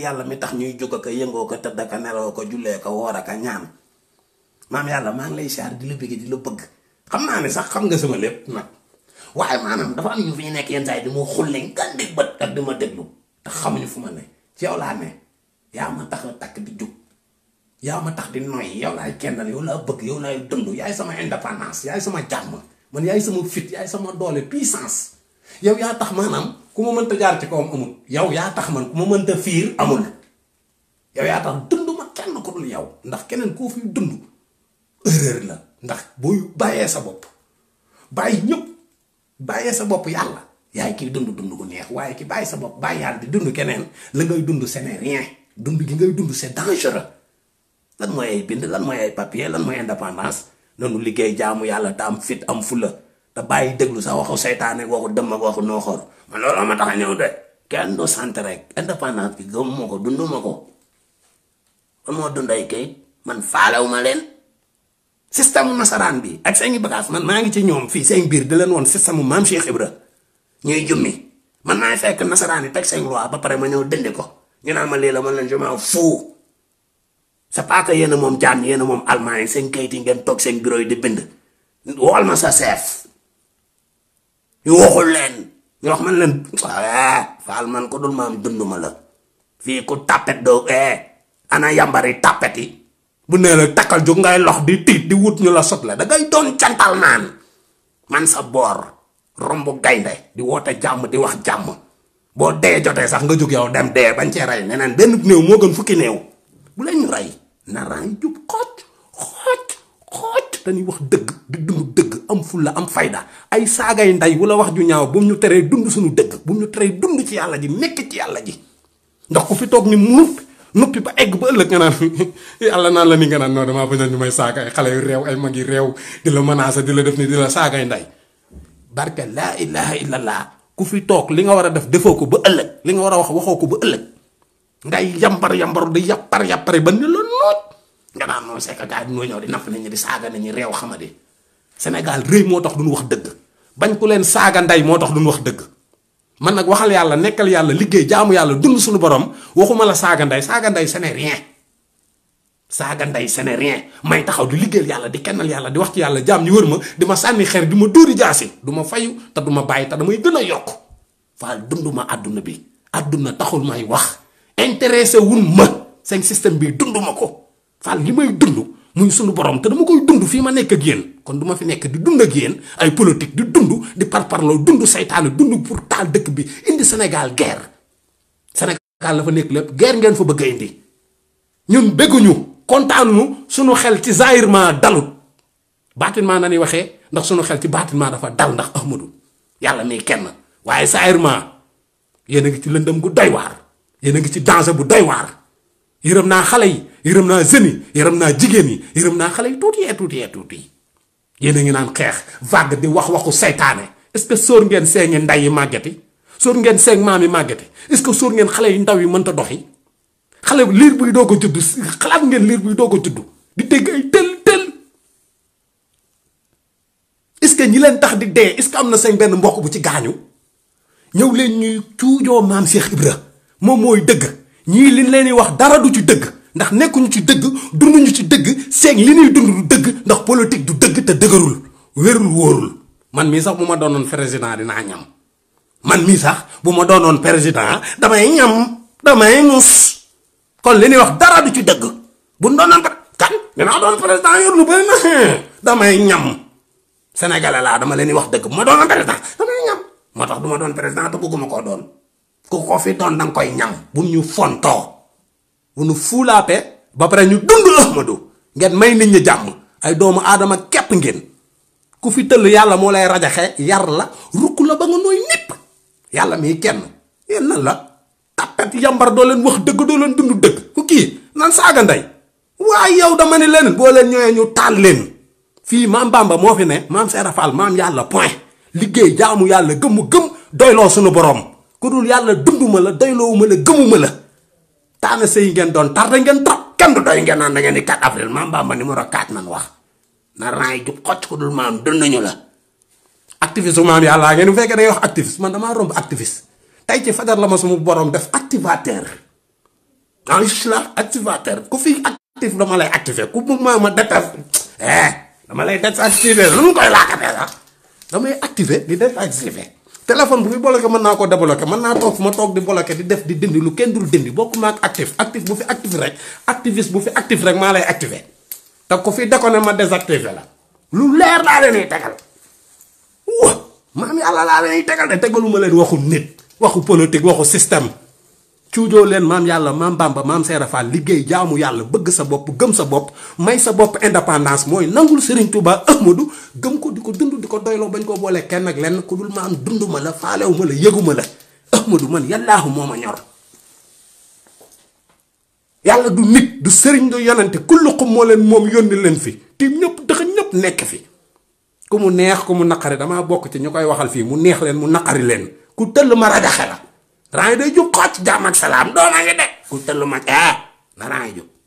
yàlla mi tax ñuy jóg ko yëngoo ko tëdd ko neloo ko jullee ko woor ko ñaan maam yàlla maa ngi lay siyaar di la bëgg di la bëgg xam naa ne sax xam nga sama lépp nag waaye maanaam dafa am ñu fi ñu nekk yenn saa yi di ma xulle ngandi bët ak di ma déglu te xamuñu fu ma ne ci yow laa yaa tax a takk di jóg yaa ma tax di noyyi yow laay kennal yow laa bëgg yow laay dund yaay sama indépendance yaay sama jàmm man yaay sama fit yaay sama doole puissance yow yaa tax maanaam. ku ma mënta jaar ci kawam amul yow yaa tax man ku ma mënta fiir amul yow yaa tax dund ma kenn ko dul yow ndax keneen koo fi dund erreur la ndax booy bàyyee sa bopp bàyyi ñëpp bàyyee sa bopp yàlla yaay kii dund dund ku neex waaye ki bàyyi sa bopp bàyyi yàlla di dund keneen la ngay dund ce n'est dund gi ngay dund c'est dangereux lan mooy ay bind lan mooy ay papier lan mooy indépendance nanu liggéey jaamu yàlla te fit am fulla te bàyyi déglu sax waxu seytaane waxu dëmm ak waxu nooxoor man looloo ma tax a ñëw de kenn du sant rek indépendance bi gëmuma ko dunduma ko ba moo dund ay kayit man faalewuma leen système nasaraan bi ak seeni bagaas man maa ngi ci ñoom fii seen biir di leen woon système maam Cheikh Ibra ñuy jummi man maay fekk nasaraan yi teg seen loi ba pare ma ñëw dëndi ko ñu naan ma lii la man leen je m'en moom jaan yéen moom allemand yi seen kayit yi ngeen toog seen bureau yi di bind wool ma sa chef ñu waxul leen ñu wax man leen eh, faal man ko dul maam dunduma la fii ku tàppet doo eh, ana yàmbari tàppet yi bu nee la takkal jóg ngay lox di tiit di wut ñu la sotle da ngay doon cantal naan man sa boor romb gaynde di woote jàmm di wax jàmm boo dee jotee sax nga jóg yow dem dee bañ cee rey neneen benn néew moo gën fukki néew bu leen ñu rey naraan jub xooj xooj xooj dañuy wax dëgg di dund dëgg am fulla am fayda ay saagay ndey wala wax ju ñaaw bu ñu teree dund suñu dëkk bu ñu teree dund ci yàlla ji nekk ci yàlla ji ndax ku fi toog ni nuppi nuppi ba egg ba ëllëg nga la ni nga naan non damaa bañ a ñu xale yu réew ay mag yu di la menacer di la def ni di la saagay ndey barke laa ilaha illallah ku fi toog li nga war a def defoo ko ba ëllëg li nga war a wax waxoo ko ba ëllëg ngay yambar yambaru di yappar yappare ba ne la noot nga naan noonu c'est que gars yi ñoo ñëw di napp nañu di saaga nañu réew xamadi Sénégal rëy moo tax duñu wax dëgg bañ ku leen saaga ndey moo tax duñu wax dëgg man nag waxal yàlla nekkal yàlla liggéey jaamu yàlla dund suñu borom waxuma la saaga ndey saaga ndey ce ndey ce may taxaw di liggéeyal yàlla di kennal yàlla di wax ci yàlla jaam ñu wër ma di ma sànni xeer du ma dóori jaasi du ma fayu te du ma bàyyi te damay gën a yokk faal dund ma àdduna bi àdduna taxul may wax intéressé wun ma seen système bi dund ma ko dund mu muy sunu borom te dama koy dund fii ma nekk ak yéen kon duma fi nekk di dund ak yéen ay politique di dund di parparloo dund seytaane dund pour taal dëkk bi indi Sénégal guerre Sénégal la fa nekk lépp guerre ngeen fa bëgg a indi ñun bëgguñu kontaanuñu sunu xel ci zaahirement dalut baatinmaa na ni waxee ndax suñu xel ci baatinmaa dafa dal ndax Ahmadou yàlla mii kenn waaye zaahirement yéen a ngi ci lëndëm gu doy waar yéen a ngi ci danger bu doy waar yërëm naa xale yi yërëm naa jeunes yi yërëm naa jigéen yi yërëm naa xale yi tuuti yee tuuti yee tuuti yéen a ngi naan xeex vague di wax waxu seytaane est ce que sóor ngeen seen ngi nday yi màgget yi sóor ngeen seen maam yi màgget yi est que sóor ngeen xale yu ndaw yi mënta doxi xale liir buy doog a judd xalaat ngeen liir buy doog a judd di dégg ay tël tël est ce que ñi leen tax di dee est ce que am na seen benn mbokk bu ci gaañu ñëw leen ñuy cuujoo maam Cheikh Ibra moom mooy dëgg ñii li leen di wax dara du ci dëgg ndax nekkuñu ci dëgg dunduñu ci dëgg seeg li ñuy dund du dëgg ndax politique du dëgg te dëgërul wérul wóorul man mii sax bu ma doonoon président dinaa ñam man mii sax bu ma doonoon président damay ñam damay mus kon li ñuy wax dara du ci dëgg bu doonoon kan dinaa doon président yor lu bëri na damay ñam sénégalais laa dama leen di wax dëgg bu ma doonoon président damay ñam moo tax duma doon président te bëgguma koo doon ku ko fi doon danga koy ñam bu ñu fontoo bu nu fuulaape ba pare ñu dund Ahmadu ngeen may nit ñi jàmm ay doomu aadama képp ngeen ku fi tëll yàlla moo lay rajaxe yar la rukk la ba nga nooy népp yàlla mii kenn yéen la tapet yambar doo leen wax dëgg doo leen dund dëgg ku kii nan saaga ndey waaye yow dama ne leen boo leen ñëwee ñu taal leen fii maam Bamba moo fi ne maam Seera Fall maam yàlla point liggéey jaamu yàlla gëmu gëm doyloo sunu boroom ku dul yàlla dunduma la doyloowuma la gëmuma la taana sëy ngeen doon tarda ngeen trop kenn du doy ngeen naan da ngeen di 4 ma maam Bamba numéro 4 nan wax na raay jub xocc ku dul maam dunduñu la activiste bu maam yàllaa ngeen bu fekkee day wax activiste man damaa romb activiste tey ci fajar la ma sama borom def activateur ah je activateur ku fi active dama lay activé ku mu ma ma déteste eh, dama lay désactivé lu mu koy laakatee sax damay activé di désactivé. téléphone bu fi bloqué mën naa ko débloqué mën naa toog fu ma toog di bloqué di def di dindi lu kenn dul dindi bokk ma ak actif actif bu fi actif rek activiste bu fi actif rek maa lay activé te ko fi déconné ma désactivé la lu leer laa leen di tegal wa maam yàlla laa leen di tegal de tegaluma leen waxul nit waxu politique waxu système. cuujoo leen maam yàlla maam Bamba maam Seera Fall liggéey jaamu yàlla bëgg sa bopp gëm sa bopp may sa bopp indépendance mooy nangul sëriñ Touba Ahmadou gëm ko di ko dund di ko doyloo bañ koo boole kenn ak lenn ku dul maam dund ma la faalewu ma la yëgu ma la man yàllaahu moo ma ñor. yàlla du nit du sëriñ du yonante kulluxum moo leen moom yónni leen fi te ñëpp dëkk ñëpp nekk fi ku mu neex ku mu naqari damaa bokk ci ñu koy waxal fii mu neex leen mu naqari leen ku tëll ma radaxe la rang yi day jub xocc jàmm ak salaam doo na ngi de ku tellu mag eh na rang